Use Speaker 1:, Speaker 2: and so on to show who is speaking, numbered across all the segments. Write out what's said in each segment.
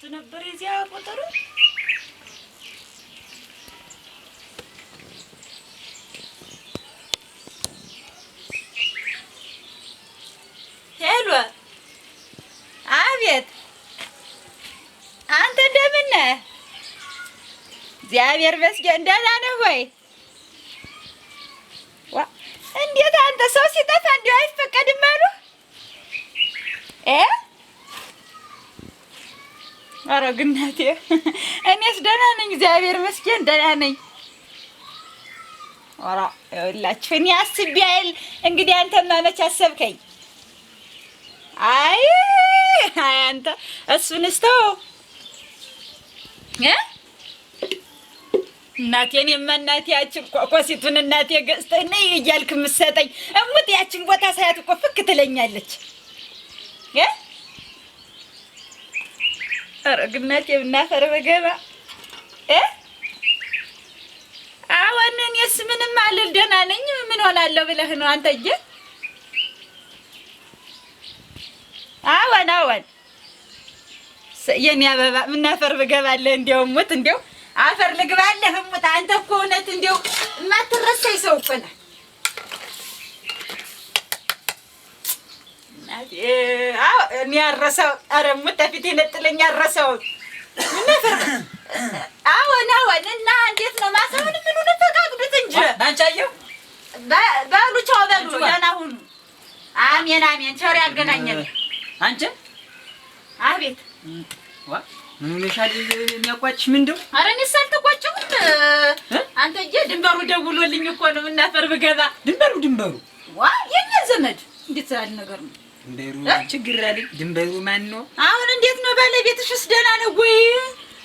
Speaker 1: ስንት ነበር የዚያ ቁጥሩ? ሄሎ፣ አቤት። አንተ እንደምን ነህ? እግዚአብሔር ይመስገን። ደህና ነህ ወይ? እንዴት አንተ ሰው ሲጠፋ እንዲያው አይፈቀድም አሉ እ ኧረ ግናቴ እኔስ ደህና ነኝ፣ እግዚአብሔር ይመስገን ደህና ነኝ። ኧረ ይኸውላችሁ እኔ አስቤ አይደል እንግዲህ፣ አንተማ መች አሰብከኝ? አይ አይ አንተ እሱንስ ተው እ እናቴን የማናቴ ያችን ኮሲቱን እናቴ ገዝተህ ነይ እያልክ የምትሰጠኝ እሙት ያችን ቦታ ሳያት እኮ ፍክ ትለኛለች እ ኧረ ግናቴ ብናፈር በገባ አሁን እኔስ ምንም አልል ደህና ነኝ። ምን ሆናለሁ ብለህ ነው አንተዬ? አዎን አዎን፣ የኔ አበባ ምናፈር ብገባለህ እንደው ሙት እንደው አፈር ልግባለህ ሙት። አንተ እኮ እውነት እንደው የማትረሳኝ ሰው እኮ ነህ። እኔ አረሰው አረሙ ተፊት የነጥለኝ አረሰው ነበር። አዎን አዎን። እና እንዴት ነው ማሰቡን? ምኑን ፈቃቅዱት እንጂ ባንቻየው በሉ ቻው በሉ። ደህና ሁኑ። አሜን አሜን። ቸር ያገናኘን። አንቺም አቤት ድንበሩ ደውሎልኝ እኮ ነው። እናፈር ብገባ
Speaker 2: ድንበሩ ድንበሩ
Speaker 1: ዋ የእኛን ዘመድ እንዴት ስላል ነገር ነው
Speaker 2: ችግር አለ። ድንበሩ ማን ነው?
Speaker 1: አሁን እንዴት ነው ባለቤትሽስ? ደህና ነው ወይ?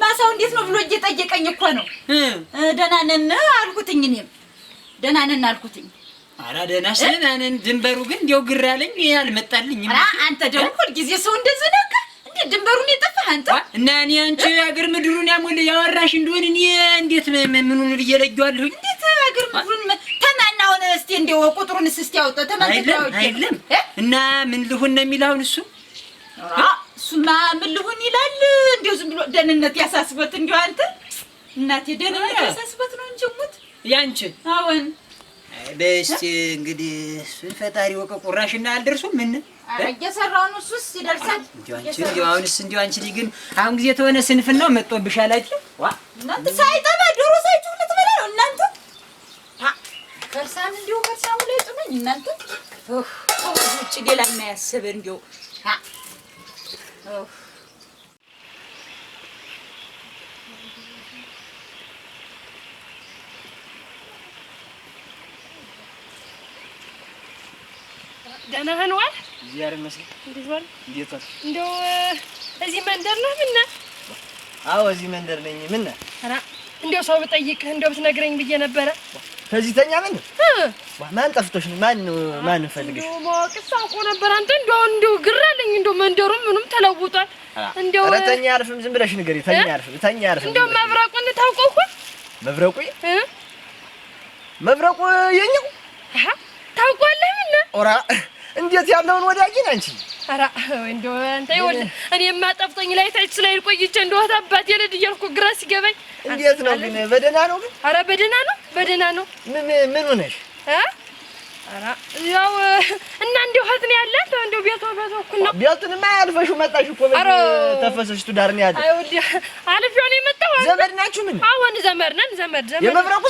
Speaker 1: ማሳው እንዴት ነው ብሎ እየጠየቀኝ እኮ ነው። ደህና ነን አልኩትኝ፣ እኔም ደህና ነን አልኩትኝ።
Speaker 2: ኧረ ደህና ደህና ነን። ድንበሩ ግን እንዲያው ግር አለኝ፣ አልመጣልኝም።
Speaker 1: አንተ ደግሞ ሁልጊዜ ሰው እንደዚህ ነካ እንዴት ድንበሩን የጠፋህ አንተ?
Speaker 2: እና እኔ አንቺ አገር ምድሩን ያሞል ያወራሽ እንደሆን እኔ እንዴት ምኑን ብዬ
Speaker 1: እንዴ እንደው ቁጥሩን እስቲ ያውጣ
Speaker 2: ተመልከታው። አይደለም እና ምን ልሁን ነው የሚል አሁን እሱ
Speaker 1: እሱማ ምን ልሁን ይላል። እንደው ዝም ብሎ ደህንነት ያሳስበት እንደው አንተ እናቴ ደህንነት ያሳስበት ነው እንጂ ሙት አሁን
Speaker 2: በስቲ እንግዲህ ፈጣሪ ወቀ ቁራሽና አልደርሱም። ምን
Speaker 1: እሱስ ይደርሳል።
Speaker 2: አንቺ አሁንስ እንዲሁ አንቺ ግን አሁን ጊዜ ተሆነ ስንፍናው መጥቶብሻል አይደል? ዋ
Speaker 1: እናንተ ሳይጠባ ሳን እንዲሁ ከሳሙ ላይ ጥሎኝ እናንተ ውጭ ሌላ የማያስብ እንዲሁ ደህና ሆነዋል።
Speaker 2: እግዚአብሔር ይመስገን። እንዴት ዋል? እንዴት ዋል?
Speaker 1: እንደው እዚህ መንደር ነህ? ምነው?
Speaker 2: አዎ እዚህ መንደር ነኝ። ምነው
Speaker 1: እንደው ሰው ብጠይቅህ እንደው ብትነግረኝ ብዬ ነበረ።
Speaker 2: ከዚህ ተኛ ምን ማን ጠፍቶሽ ነው? ማን ማን ፈልገሽ?
Speaker 1: ማወቅስ አውቆ ነበር። አንተ እንደው እንደው ግራ አለኝ። እንደው መንደሩም ምኑም ተለውጧል።
Speaker 2: እንደው ኧረ ተኛ አያርፍም። ዝም ብለሽ ንገሪ። ተኛ አያርፍም። ተኛ አያርፍም።
Speaker 1: እንደው መብረቁን ታውቀው እኮ
Speaker 2: መብረቁ መብረቁ የኛው
Speaker 1: ታውቀዋለህ። ምን
Speaker 2: ኦራ እንዴት ያለውን ወዳጅ አንቺ
Speaker 1: እኔ ጠፍቶኝ ላይ ታች ስላይል ቆይቼ እንደው አባቴ ልድ እያልኩ ግራ ሲገባኝ
Speaker 2: እንዴት ነው ግን በደህና ነው ግን
Speaker 1: ኧረ በደህና ነው በደህና ነው ምን ሆነሽ ያው እና እንደው እህት ነው ያለ እንደው ቤቷ በተኩል
Speaker 2: ነው ቤቱንማ አልፈሽው መጣሽ እኮ ተፈሰሽ ትዳር ነው ያለ
Speaker 1: አልፌው ነው የመጣው
Speaker 2: ዘመድ ናችሁ ምን
Speaker 1: አሁን ዘመድ ነን ዘመድ
Speaker 2: ዘመድ የመብረቁ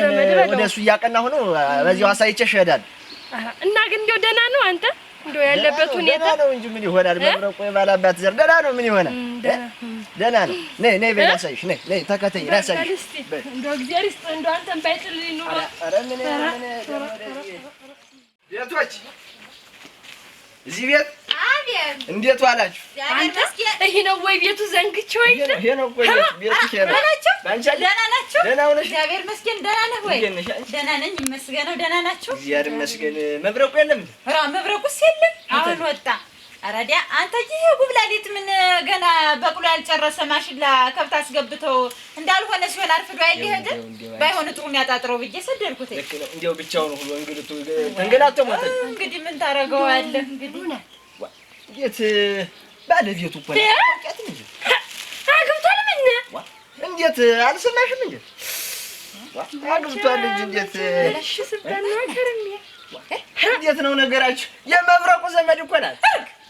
Speaker 2: ዘመድ ወደ እሱ እያቀናሁ ነው በዚያው አሳይቼሽ እሄዳለሁ
Speaker 1: እና ግን እንደው ደህና ነው አንተ እንደው ያለበት ሁኔታ
Speaker 2: ነው እንጂ ምን ይሆናል? መብረቁ የባላባት ዘር ደህና ነው። ምን ይሆናል? ደህና ነው። ነይ ነይ በይ ላሳይሽ። ነይ ነይ ተከተይ ላሳይሽ።
Speaker 1: እንደው እግዚአብሔር ይስጥ። እንደው አንተም ባይጥልልኝ ኑሮ
Speaker 2: ኧረ ምን ምን ቤቶች እዚህ ቤት እንዴት ዋላችሁ?
Speaker 1: ይሄ ነው ወይ ቤቱ? ዘንግቼው
Speaker 2: ይሄ ነው ወይ ቤቱ?
Speaker 1: ደህና ነህ ወይ? ደህና ነኝ ይመስገነው። ደህና ናችሁ? መብረቁ የለም? የለም። አሁን ወጣ አራዲያ አንተ ይሄ ጉብላሊት ምን ገና በቅሎ ያልጨረሰ ማሽላ ከብት አስገብተው እንዳልሆነ ሲሆን አርፍዶ አይሄድ ባይሆን ጥሩ የሚያጣጥረው ብዬ ሰደድኩት።
Speaker 2: እንዴው ብቻውን ሁሉ እንግልቱ ተንገላቶ ማለት
Speaker 1: እንግዲህ ምን ታደርገዋለህ? እንግዲህ
Speaker 2: የት ባለ ቤቱ እኮ ነው
Speaker 1: አግብቷል።
Speaker 2: ምን እንዴት አልሰማሽም እንዴ? አግብቷል ልጅ እንዴት
Speaker 1: ለሽ ስልጣን ነው ከረም
Speaker 2: እንዴት ነው ነገራችሁ? የመብረቁ ዘመድ እኮ ናት።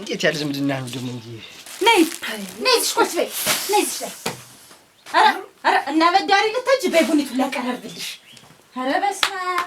Speaker 2: እንዴት ያለ ዝምድና ነው ደግሞ?
Speaker 1: ነይ ነይ፣ እዚህ ቁጭ በይ። ነይ እዚህ ላይ። ኧረ ኧረ፣ እና በዳሪ ልትሄጂ በይ፣ ቡኒቱን ላቀረብልሽ። ኧረ በስመ አብ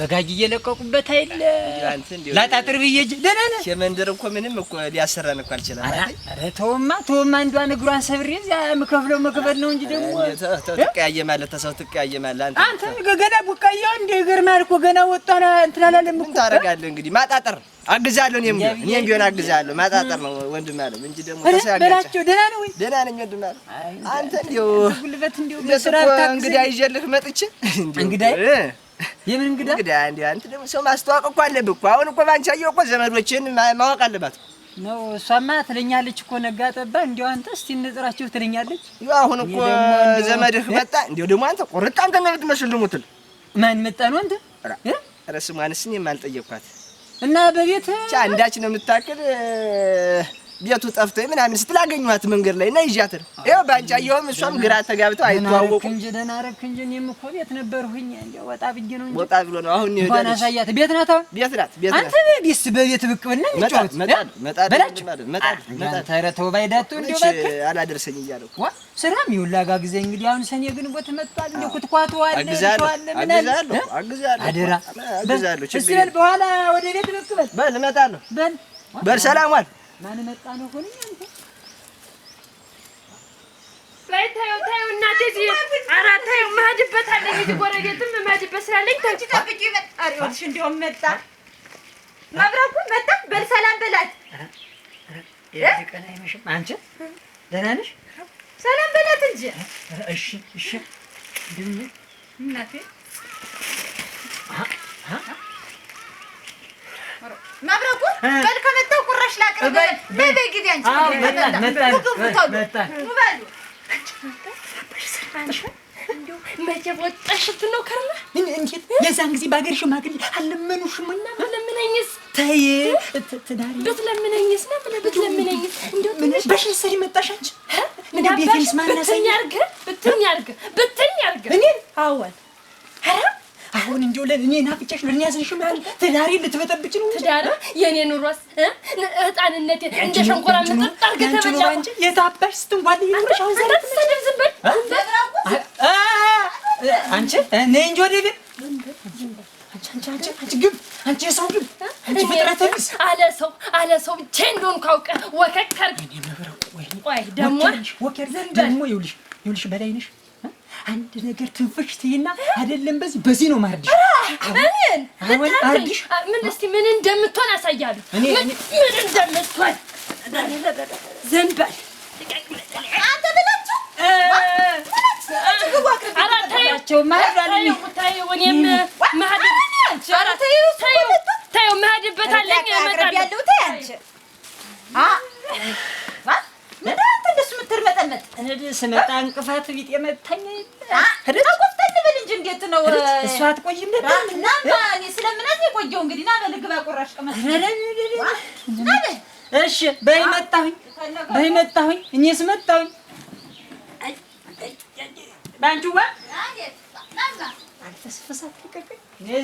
Speaker 1: በጋጅ እየለቀቁበት አይደለ ላጣጥር ብዬ እጅ ደህና ነህ።
Speaker 2: የመንደር እኮ ምንም እኮ ሊያሰራን እኮ አልችልም።
Speaker 1: ኧረ ተውማ ተውማ፣ እንዷን እግሯን ሰብሬ እዚያ የምከፍለው መክበል ነው እንጂ ደግሞ
Speaker 2: ትቀያየማለህ፣ ተሰው ትቀያየማለህ።
Speaker 1: አንተ ገና ቡቃያው እንደ ይገርማል እኮ ገና ወጣ እንትን አላለም እኮ።
Speaker 2: ታደርጋለህ እንግዲህ ማጣጠር አግዛለሁ እኔም እኔም ቢሆን አግዛለሁ። ማጣጠር ነው ወንድም አለ
Speaker 1: እንጂ ደግሞ ተሳያቸው። ደህና ነህ ወይ?
Speaker 2: ደህና ነኝ ወንድም አለ። አንተ እንደው ጉልበት እንደው በስራ ታክሲ እንግዲህ ይዤልህ መጥቼ
Speaker 1: እንግዲህ የምን እንግዳ
Speaker 2: እንግዳ? እንደ አንተ ደግሞ ሰው ማስተዋወቅ እኮ አለብህ እኮ። አሁን እኮ በአንቺ አየሁ እኮ ዘመዶችን ማወቅ አለባት
Speaker 1: ነው። እሷማ ትለኛለች እኮ ነጋ ጠባ፣ እንዲያው አንተ እስቲ እንጥራችሁ ትለኛለች።
Speaker 2: ይኸው አሁን እኮ ዘመድህ መጣ። እንዲያው ደግሞ አንተ ቁርጥ አንተ ነው የምትመስል ልሙትል።
Speaker 1: ማን መጣ ነው አንተ?
Speaker 2: ኧረ ስሟንስ እኔም አልጠየኳት
Speaker 1: እና በቤት
Speaker 2: አንዳች ነው የምታክል ቤቱ ጠፍቶ ምናምን ስትል መንገድ ላይ ነው ይዣት ነው። ይኸው በአንቺ እሷም ግራ ተጋብተው አይተዋወቁም
Speaker 1: እንጂ ደህና አደረግክ እንጂ እኔም እኮ ቤት ነበርኩኝ። ወጣ ብዬሽ ነው እንጂ
Speaker 2: ወጣ ብሎ ነው አሁን ይሄ
Speaker 1: እንኳን አሳያት። ቤት ናት አሁን ቤት ናት። ቤት ናት። አንተ ቤትስ በቤት ብቅ ብለን እንጫወት መጣድ መጣድ መጣድ መጣድ ተረተው ባይዳቱ እንዲሁ
Speaker 2: እባክህ አላደርሰኝ እያለሁ
Speaker 1: ዋ ስራም ይውላጋ ጊዜ እንግዲህ አሁን ሰኔ ግንቦት መጥቷል። እንደ ኩትኳቱ
Speaker 2: አለ ይቷል ምን አግዛለሁ
Speaker 1: አደራ አግዛለሁ። ችግር የለም በኋላ ወደ ቤት ብቅ በል በል እመጣለሁ በል
Speaker 2: በል ሰላም ዋል
Speaker 1: ማን መጣ ነው ሆነኝ አንተ ላይ ታየው ታየው እናቴ እዚህ ኧረ ታየው መሄድበት ስላለኝ ወልሽ እንደውም መጣ መጣ ሰላም በላት
Speaker 2: የዚህ አንቺ
Speaker 1: ሰላም በላት እንጂ እሺ እሺ እናቴ በል
Speaker 2: የዛን ጊዜ በሀገር ሽማግሌ አለመኑሽም እና
Speaker 1: ብለምነኝስ፣ ተይ ብትለምነኝስ ነው ብትለምነኝስ፣
Speaker 2: በሽር ሰሪ መጣሽ አንቺ
Speaker 1: ብትኝ አድርገህ ብትኝ አድርገህ ብትኝ አድርገህ እኔን አዋል ኧረ
Speaker 2: አሁን እንዲሁ ለእኔ ናፍቄሽ ነው። ያዝንሽም ያህል ትዳሬን ልትበጠብጭ ነው።
Speaker 1: ትዳር የእኔ ኑሮስ ህፃንነቴ እንደ ሸንኮራ ምጥጣር
Speaker 2: አድርገህ እንጂ የታባሽ ስትንጓል ይኖረሽ
Speaker 1: አሁን ዘ ሰደብዝበት
Speaker 2: አንቺ እኔ እንጂ ወደ ቤት አንቺ ግብ አንቺ የሰው ግብ አንቺ ፍጥረት ቢስ
Speaker 1: አለ ሰው አለ ሰው ወከከር
Speaker 2: አንድ ነገር ትንፍሽ ትይና አይደለም በዚህ በዚህ ነው ማርድሽ።
Speaker 1: እኔን አርድሽ ምን እስቲ ምን እንደምትሆን አሳያለሁ። ምን እንደምትሆን ዘንበል አንተ ብላችሁ እኔም
Speaker 2: እንግዲህ ስመጣ እንቅፋት ቢጤ መታኝ።
Speaker 1: ተቆፍጠን በል እንጂ እንዴት ነው
Speaker 2: እሷ አትቆይም ነበር
Speaker 1: እና እኔ ስለምናት የቆየው እንግዲህ ና በል ግባ፣ ቆራሽ ቀመስ
Speaker 2: እሺ በይ መጣሁኝ፣ በይ መጣሁኝ፣ እኔስ መጣሁኝ በአንቺዋ አልተስፈሳት።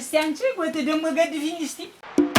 Speaker 2: እስኪ አንቺ ወጥ ደግሞ ገድፊኝ እስኪ